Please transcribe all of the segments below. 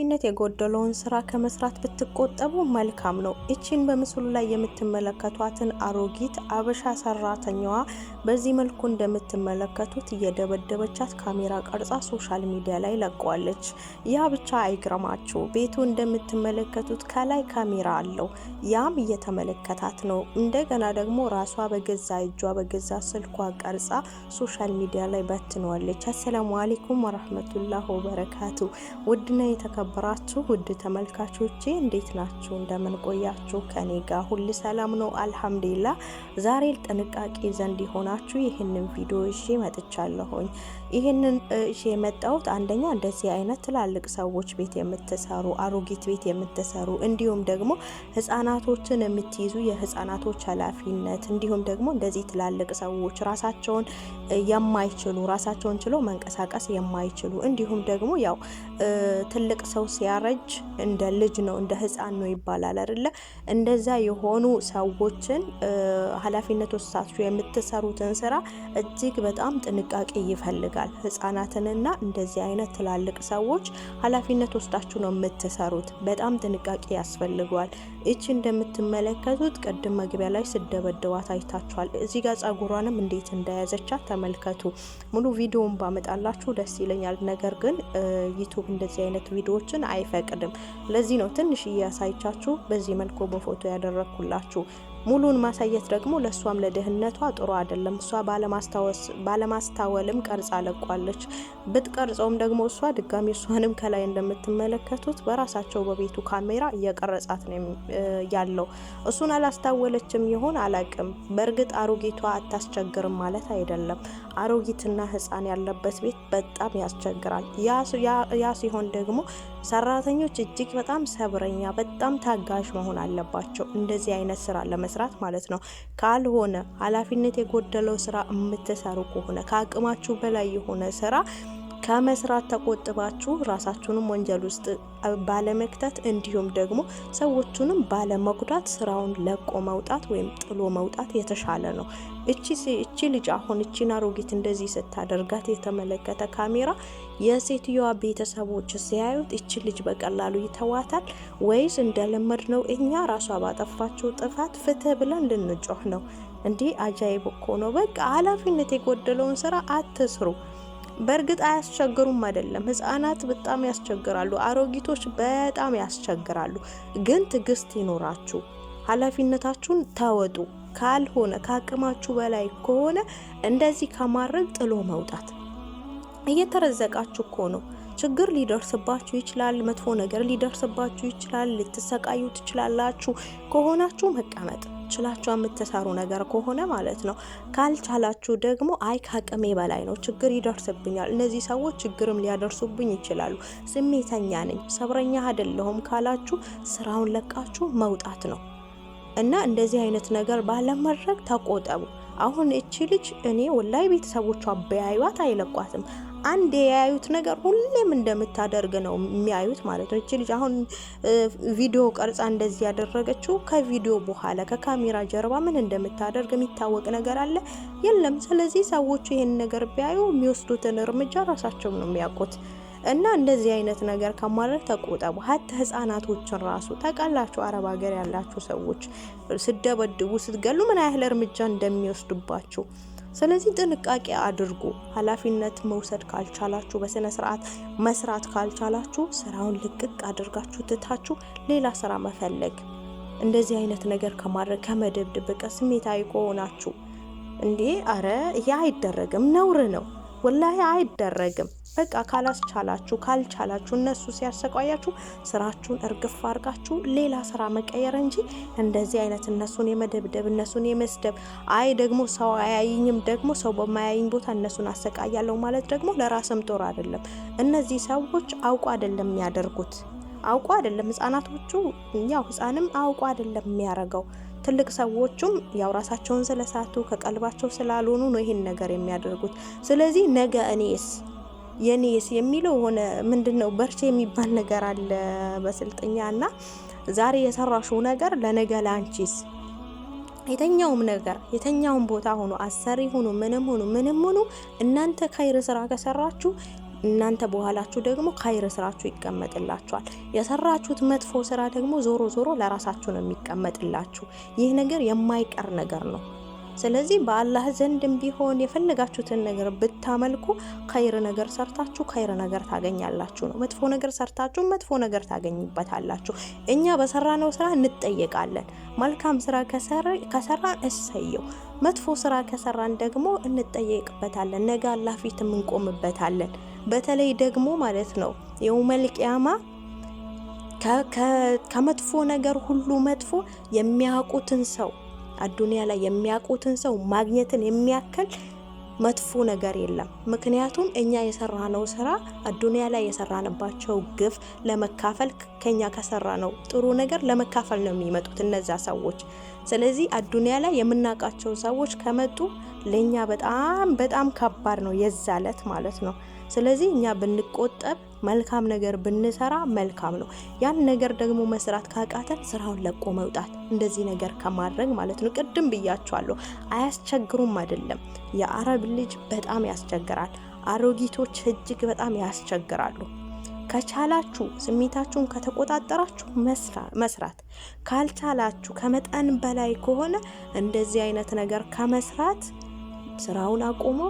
ኃላፊነት የጎደለውን ስራ ከመስራት ብትቆጠቡ መልካም ነው። እቺን በምስሉ ላይ የምትመለከቷትን አሮጊት አበሻ ሰራተኛዋ በዚህ መልኩ እንደምትመለከቱት እየደበደበቻት ካሜራ ቀርጻ ሶሻል ሚዲያ ላይ ለቋለች። ያ ብቻ አይግረማችሁ፣ ቤቱ እንደምትመለከቱት ከላይ ካሜራ አለው። ያም እየተመለከታት ነው። እንደገና ደግሞ ራሷ በገዛ እጇ በገዛ ስልኳ ቀርጻ ሶሻል ሚዲያ ላይ በትነዋለች። አሰላሙ አሌይኩም ወረህመቱላህ ወበረካቱ ውድና የተከ የተከበራችሁ ውድ ተመልካቾቼ እንዴት ናችሁ? እንደምን ቆያችሁ? ከኔ ጋር ሁል ሰላም ነው አልሐምዱሊላ። ዛሬ ጥንቃቄ ዘንድ የሆናችሁ ይህንን ቪዲዮ እሺ መጥቻለሁኝ። ይህንን እሺ የመጣሁት አንደኛ እንደዚህ አይነት ትላልቅ ሰዎች ቤት የምትሰሩ አሮጊት ቤት የምትሰሩ እንዲሁም ደግሞ ህጻናቶችን የምትይዙ የህጻናቶች ኃላፊነት እንዲሁም ደግሞ እንደዚህ ትላልቅ ሰዎች ራሳቸውን የማይችሉ ራሳቸውን ችሎ መንቀሳቀስ የማይችሉ እንዲሁም ደግሞ ያው ትልቅ ሰው ሲያረጅ እንደ ልጅ ነው እንደ ህፃን ነው ይባላል አይደለ? እንደዛ የሆኑ ሰዎችን ኃላፊነት ወስዳችሁ የምትሰሩትን ስራ እጅግ በጣም ጥንቃቄ ይፈልጋል። ህፃናትንና እንደዚህ አይነት ትላልቅ ሰዎች ኃላፊነት ወስዳችሁ ነው የምትሰሩት። በጣም ጥንቃቄ ያስፈልገዋል። ይቺ እንደምትመለከቱት ቅድም መግቢያ ላይ ስደበድባ ታይታችኋል። እዚህ ጋር ጸጉሯንም እንዴት እንደያዘቻት ተመልከቱ። ሙሉ ቪዲዮን ባመጣላችሁ ደስ ይለኛል። ነገር ግን ዩቱብ እንደዚህ አይነት ቪዲዮ ነገሮችን አይፈቅድም። ለዚህ ነው ትንሽ እያሳይቻችሁ በዚህ መልኩ በፎቶ ያደረግኩላችሁ። ሙሉን ማሳየት ደግሞ ለእሷም ለደህንነቷ ጥሩ አይደለም። እሷ ባለማስታወልም ቀርጻ ለቋለች። ብትቀርጸውም ደግሞ እሷ ድጋሚ እሷንም ከላይ እንደምትመለከቱት በራሳቸው በቤቱ ካሜራ እየቀረጻት ነው ያለው። እሱን አላስታወለችም ይሆን አላቅም። በእርግጥ አሮጌቷ አታስቸግርም ማለት አይደለም። አሮጊትና ህፃን ያለበት ቤት በጣም ያስቸግራል። ያ ሲሆን ደግሞ ሰራተኞች እጅግ በጣም ሰብረኛ፣ በጣም ታጋሽ መሆን አለባቸው እንደዚህ አይነት ስራ ለመስራት ማለት ነው። ካልሆነ ኃላፊነት የጎደለው ስራ የምትሰሩ ከሆነ ከአቅማችሁ በላይ የሆነ ስራ ከመስራት ተቆጥባችሁ ራሳችሁንም ወንጀል ውስጥ ባለመክተት እንዲሁም ደግሞ ሰዎቹንም ባለመጉዳት ስራውን ለቆ መውጣት ወይም ጥሎ መውጣት የተሻለ ነው። እቺ እቺ ልጅ አሁን እቺን አሮጊት እንደዚህ ስታደርጋት የተመለከተ ካሜራ የሴትዮዋ ቤተሰቦች ሲያዩት እቺ ልጅ በቀላሉ ይተዋታል ወይስ እንደለመድ ነው እኛ ራሷ ባጠፋችው ጥፋት ፍትህ ብለን ልንጮህ ነው? እንዲህ አጃይብ እኮ ነው። በቃ ኃላፊነት የጎደለውን ስራ አትስሩ። በእርግጥ አያስቸግሩም አይደለም። ህጻናት በጣም ያስቸግራሉ፣ አሮጊቶች በጣም ያስቸግራሉ። ግን ትዕግስት ይኖራችሁ፣ ኃላፊነታችሁን ተወጡ። ካልሆነ ከአቅማችሁ በላይ ከሆነ እንደዚህ ከማድረግ ጥሎ መውጣት። እየተረዘቃችሁ እኮ ነው። ችግር ሊደርስባችሁ ይችላል። መጥፎ ነገር ሊደርስባችሁ ይችላል። ልትሰቃዩ ትችላላችሁ። ከሆናችሁ መቀመጥ ችላችሁ የምትሰሩ ነገር ከሆነ ማለት ነው። ካልቻላችሁ ደግሞ አይ ከአቅሜ በላይ ነው፣ ችግር ይደርስብኛል፣ እነዚህ ሰዎች ችግርም ሊያደርሱብኝ ይችላሉ፣ ስሜተኛ ነኝ፣ ሰብረኛ አይደለሁም ካላችሁ ስራውን ለቃችሁ መውጣት ነው እና እንደዚህ አይነት ነገር ባለመድረግ ተቆጠቡ። አሁን እቺ ልጅ እኔ ወላይ ቤተሰቦቿ በያዩት አይለቋትም። አንድ የያዩት ነገር ሁሌም እንደምታደርግ ነው የሚያዩት ማለት ነው። እቺ ልጅ አሁን ቪዲዮ ቀርጻ እንደዚህ ያደረገችው ከቪዲዮ በኋላ ከካሜራ ጀርባ ምን እንደምታደርግ የሚታወቅ ነገር አለ የለም። ስለዚህ ሰዎቹ ይህን ነገር ቢያዩ የሚወስዱትን እርምጃ ራሳቸው ነው የሚያውቁት። እና እንደዚህ አይነት ነገር ከማድረግ ተቆጠቡ። ሀተ ህጻናቶችን ራሱ ታውቃላችሁ፣ አረብ ሀገር ያላችሁ ሰዎች ስደበድቡ፣ ስትገሉ ምን ያህል እርምጃ እንደሚወስዱባችሁ ስለዚህ ጥንቃቄ አድርጉ። ኃላፊነት መውሰድ ካልቻላችሁ፣ በስነ ስርዓት መስራት ካልቻላችሁ ስራውን ልቅቅ አድርጋችሁ ትታችሁ ሌላ ስራ መፈለግ። እንደዚህ አይነት ነገር ከማድረግ ከመደብደብ በቃ ስሜታዊ ከሆናችሁ እንዴ፣ አረ ያ አይደረግም፣ ነውር ነው። ወላሂ አይደረግም። በቃ ካላስቻላችሁ ካልቻላችሁ እነሱ ሲያሰቃያችሁ ስራችሁን እርግፍ አርጋችሁ ሌላ ስራ መቀየር እንጂ እንደዚህ አይነት እነሱን የመደብደብ እነሱን የመስደብ አይ ደግሞ ሰው አያይኝም ደግሞ ሰው በማያይኝ ቦታ እነሱን አሰቃያለሁ ማለት ደግሞ ለራስም ጦር አይደለም። እነዚህ ሰዎች አውቁ አይደለም የሚያደርጉት አውቁ አይደለም ህጻናቶቹ ያው ህጻንም አውቁ አይደለም የሚያረገው ትልቅ ሰዎቹም ያው ራሳቸውን ስለሳቱ ከቀልባቸው ስላልሆኑ ነው ይህን ነገር የሚያደርጉት። ስለዚህ ነገ እኔስ የኔስ የሚለው ሆነ ምንድን ነው በርቼ የሚባል ነገር አለ በስልጥኛ እና ዛሬ የሰራሽው ነገር ለነገ ላንቺስ የተኛውም ነገር የተኛውም ቦታ ሆኖ አሰሪ ሆኖ ምንም ሆኖ ምንም ሆኖ እናንተ ካይር ስራ ከሰራችሁ እናንተ በኋላችሁ ደግሞ ካይር ስራችሁ ይቀመጥላችኋል። የሰራችሁት መጥፎ ስራ ደግሞ ዞሮ ዞሮ ለራሳችሁ ነው የሚቀመጥላችሁ። ይህ ነገር የማይቀር ነገር ነው። ስለዚህ በአላህ ዘንድም ቢሆን የፈለጋችሁትን ነገር ብታመልኩ ካይር ነገር ሰርታችሁ ካይር ነገር ታገኛላችሁ ነው። መጥፎ ነገር ሰርታችሁ መጥፎ ነገር ታገኙበታላችሁ። እኛ በሰራነው ስራ እንጠየቃለን። መልካም ስራ ከሰራን እሰየው፣ መጥፎ ስራ ከሰራን ደግሞ እንጠየቅበታለን። ነገ አላህ ፊት እንቆምበታለን። በተለይ ደግሞ ማለት ነው የውመል ቂያማ ከመጥፎ ነገር ሁሉ መጥፎ የሚያውቁትን ሰው አዱንያ ላይ የሚያውቁትን ሰው ማግኘትን የሚያክል መጥፎ ነገር የለም። ምክንያቱም እኛ የሰራነው ስራ አዱንያ ላይ የሰራንባቸው ግፍ ለመካፈል ከኛ ከሰራ ነው ጥሩ ነገር ለመካፈል ነው የሚመጡት እነዛ ሰዎች። ስለዚህ አዱንያ ላይ የምናውቃቸው ሰዎች ከመጡ ለእኛ በጣም በጣም ከባድ ነው የዛለት ማለት ነው። ስለዚህ እኛ ብንቆጠብ መልካም ነገር ብንሰራ መልካም ነው። ያን ነገር ደግሞ መስራት ካቃተን ስራውን ለቆ መውጣት እንደዚህ ነገር ከማድረግ ማለት ነው። ቅድም ብያቸዋለሁ፣ አያስቸግሩም አይደለም። የአረብ ልጅ በጣም ያስቸግራል። አሮጊቶች እጅግ በጣም ያስቸግራሉ። ከቻላችሁ ስሜታችሁን ከተቆጣጠራችሁ መስራት፣ ካልቻላችሁ ከመጠን በላይ ከሆነ እንደዚህ አይነት ነገር ከመስራት ስራውን አቁሞ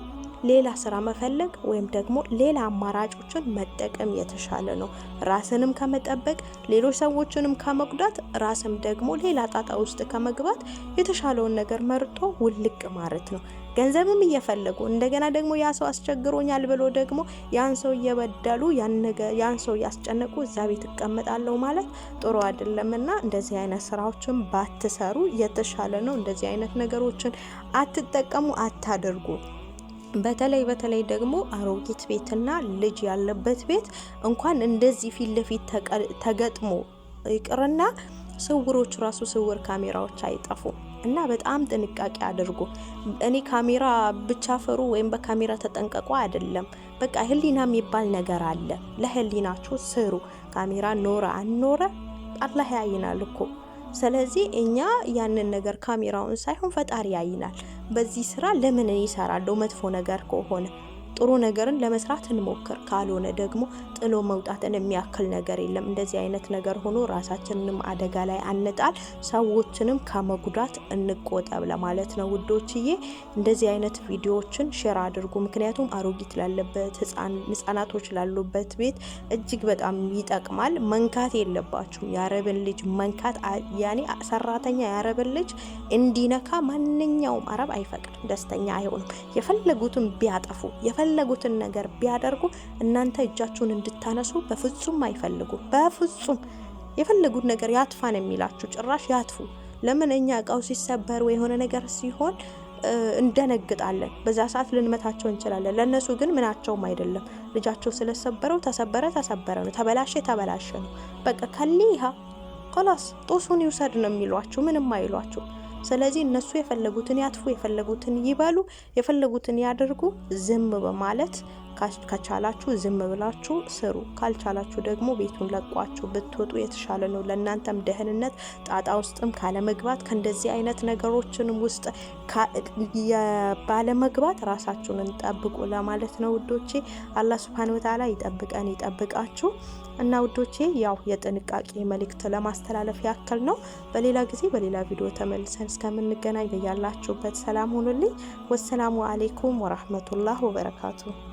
ሌላ ስራ መፈለግ ወይም ደግሞ ሌላ አማራጮችን መጠቀም የተሻለ ነው። ራስንም ከመጠበቅ ሌሎች ሰዎችንም ከመጉዳት ራስም ደግሞ ሌላ ጣጣ ውስጥ ከመግባት የተሻለውን ነገር መርጦ ውልቅ ማለት ነው። ገንዘብም እየፈለጉ እንደገና ደግሞ ያ ሰው አስቸግሮኛል ብሎ ደግሞ ያን ሰው እየበደሉ ያን ሰው እያስጨነቁ እዛ ቤት እቀመጣለሁ ማለት ጥሩ አይደለም እና እንደዚህ አይነት ስራዎችን ባትሰሩ የተሻለ ነው። እንደዚህ አይነት ነገሮችን አትጠቀሙ፣ አታደርጉ በተለይ በተለይ ደግሞ አሮጊት ቤትና ልጅ ያለበት ቤት እንኳን እንደዚህ ፊት ለፊት ተገጥሞ ይቅርና ስውሮች ራሱ ስውር ካሜራዎች አይጠፉም እና በጣም ጥንቃቄ አድርጉ። እኔ ካሜራ ብቻ ፈሩ ወይም በካሜራ ተጠንቀቁ አይደለም። በቃ ህሊና የሚባል ነገር አለ። ለህሊናችሁ ስሩ። ካሜራ ኖረ አንኖረ አላህ ያይናል እኮ። ስለዚህ እኛ ያንን ነገር ካሜራውን ሳይሆን ፈጣሪ ያይናል። በዚህ ስራ ለምን እኔ እሰራለሁ መጥፎ ነገር ከሆነ ጥሩ ነገርን ለመስራት እንሞክር። ካልሆነ ደግሞ ጥሎ መውጣትን የሚያክል ነገር የለም። እንደዚህ አይነት ነገር ሆኖ ራሳችንንም አደጋ ላይ አንጣል፣ ሰዎችንም ከመጉዳት እንቆጠብ ለማለት ነው ውዶችዬ። እንደዚህ አይነት ቪዲዮዎችን ሼር አድርጉ። ምክንያቱም አሮጊት ላለበት ህጻናቶች ላሉበት ቤት እጅግ በጣም ይጠቅማል። መንካት የለባችሁም። የአረብን ልጅ መንካት ያኔ ሰራተኛ የአረብን ልጅ እንዲነካ ማንኛውም አረብ አይፈቅድም፣ ደስተኛ አይሆንም። የፈለጉትን ቢያጠፉ የፈለጉትን ነገር ቢያደርጉ እናንተ እጃችሁን እንድታነሱ በፍጹም አይፈልጉ። በፍጹም የፈለጉት ነገር ያጥፋን የሚላችሁ ጭራሽ ያጥፉ። ለምን እኛ እቃው ሲሰበር ወይ የሆነ ነገር ሲሆን እንደነግጣለን። በዛ ሰዓት ልንመታቸው እንችላለን። ለእነሱ ግን ምናቸውም አይደለም። ልጃቸው ስለሰበረው ተሰበረ ተሰበረ ነው፣ ተበላሸ ተበላሸ ነው። በቃ ከሊሃ ከላስ ጦሱን ይውሰድ ነው የሚሏችሁ። ምንም አይሏችሁ። ስለዚህ እነሱ የፈለጉትን ያጥፉ፣ የፈለጉትን ይበሉ፣ የፈለጉትን ያደርጉ ዝም በማለት ከቻላችሁ ዝም ብላችሁ ስሩ፣ ካልቻላችሁ ደግሞ ቤቱን ለቋችሁ ብትወጡ የተሻለ ነው። ለእናንተም ደህንነት ጣጣ ውስጥም ካለመግባት ከእንደዚህ አይነት ነገሮችንም ውስጥ ባለመግባት ራሳችሁን እንጠብቁ ለማለት ነው ውዶቼ። አላህ ሱብሃነ ወተዓላ ይጠብቀን ይጠብቃችሁ። እና ውዶቼ ያው የጥንቃቄ መልእክት ለማስተላለፍ ያክል ነው። በሌላ ጊዜ በሌላ ቪዲዮ ተመልሰን እስከምንገናኝ በያላችሁበት ሰላም ሁኑልኝ። ወሰላሙ አሌይኩም ወራህመቱላህ ወበረካቱ።